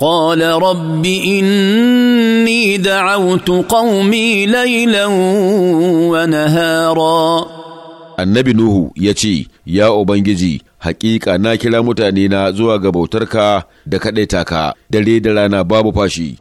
قال رب اني دعوت قومي ليلا ونهارا annabi Nuhu ya ce, Ya Ubangiji, hakika na kira mutanena zuwa ga bautarka da kaɗaita ka, dare da rana babu fashi.